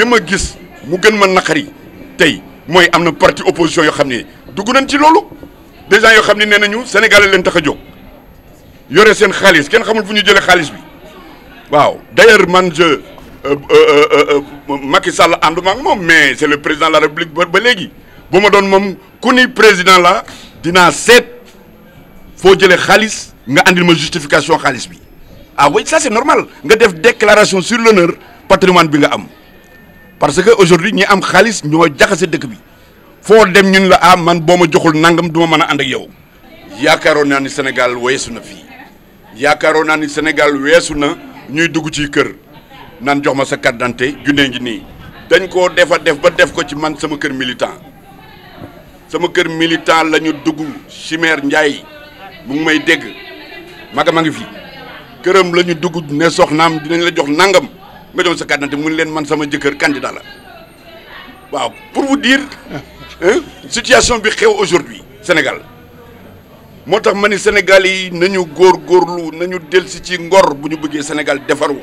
li ma gis mu gën ma naqari tey mooy am na parti opposition yoo xam ni dugg nañ ci loolu des yoo xam ne nee nañu sénégalais leen tax a jóg yore seen xaalis kenn xamul fu ñu jëlee xaalis bi waaw d'ailleurs man je euh, euh, euh, Macky Sall ànduma ak moom mais c'est le président de la république ba ba léegi bu ma doon moom ku ni président la dinaa seet foo jëlee xaalis nga andil ma justification xaalis bi ah oui ça c'est normal nga def déclaration sur l'honneur patrimoine bi nga am parce que aujourd'hui ñi am xaalis ñoo jaxasee dëkk bi foo dem ñun la ah man boo ma joxul nangam du mën a ànd ak yow yaakaaroon naa ni Sénégal weesu na fii yaakaaroon naa ni Sénégal weesu na ñuy dugg ci kër naan jox ma sa carte d'identité junne ngi nii dañ koo defa def ba def ko ci man sama kër militan sama kër militant la ñu dugg Chimère Ndiaye mu ngi may dégg maga ma fi këram lañu ñu dugg ne soxnaam dinañ la jox nangam nga doon sa carte mu ne leen man sama jëkkër candidat la waaw pour vous dire situation bi xew aujourd'hui Sénégal moo tax ma ni Sénégal yi nañu góor góorgóorlu nañu delsi ci ngor bu ñu bëggee Sénégal defaru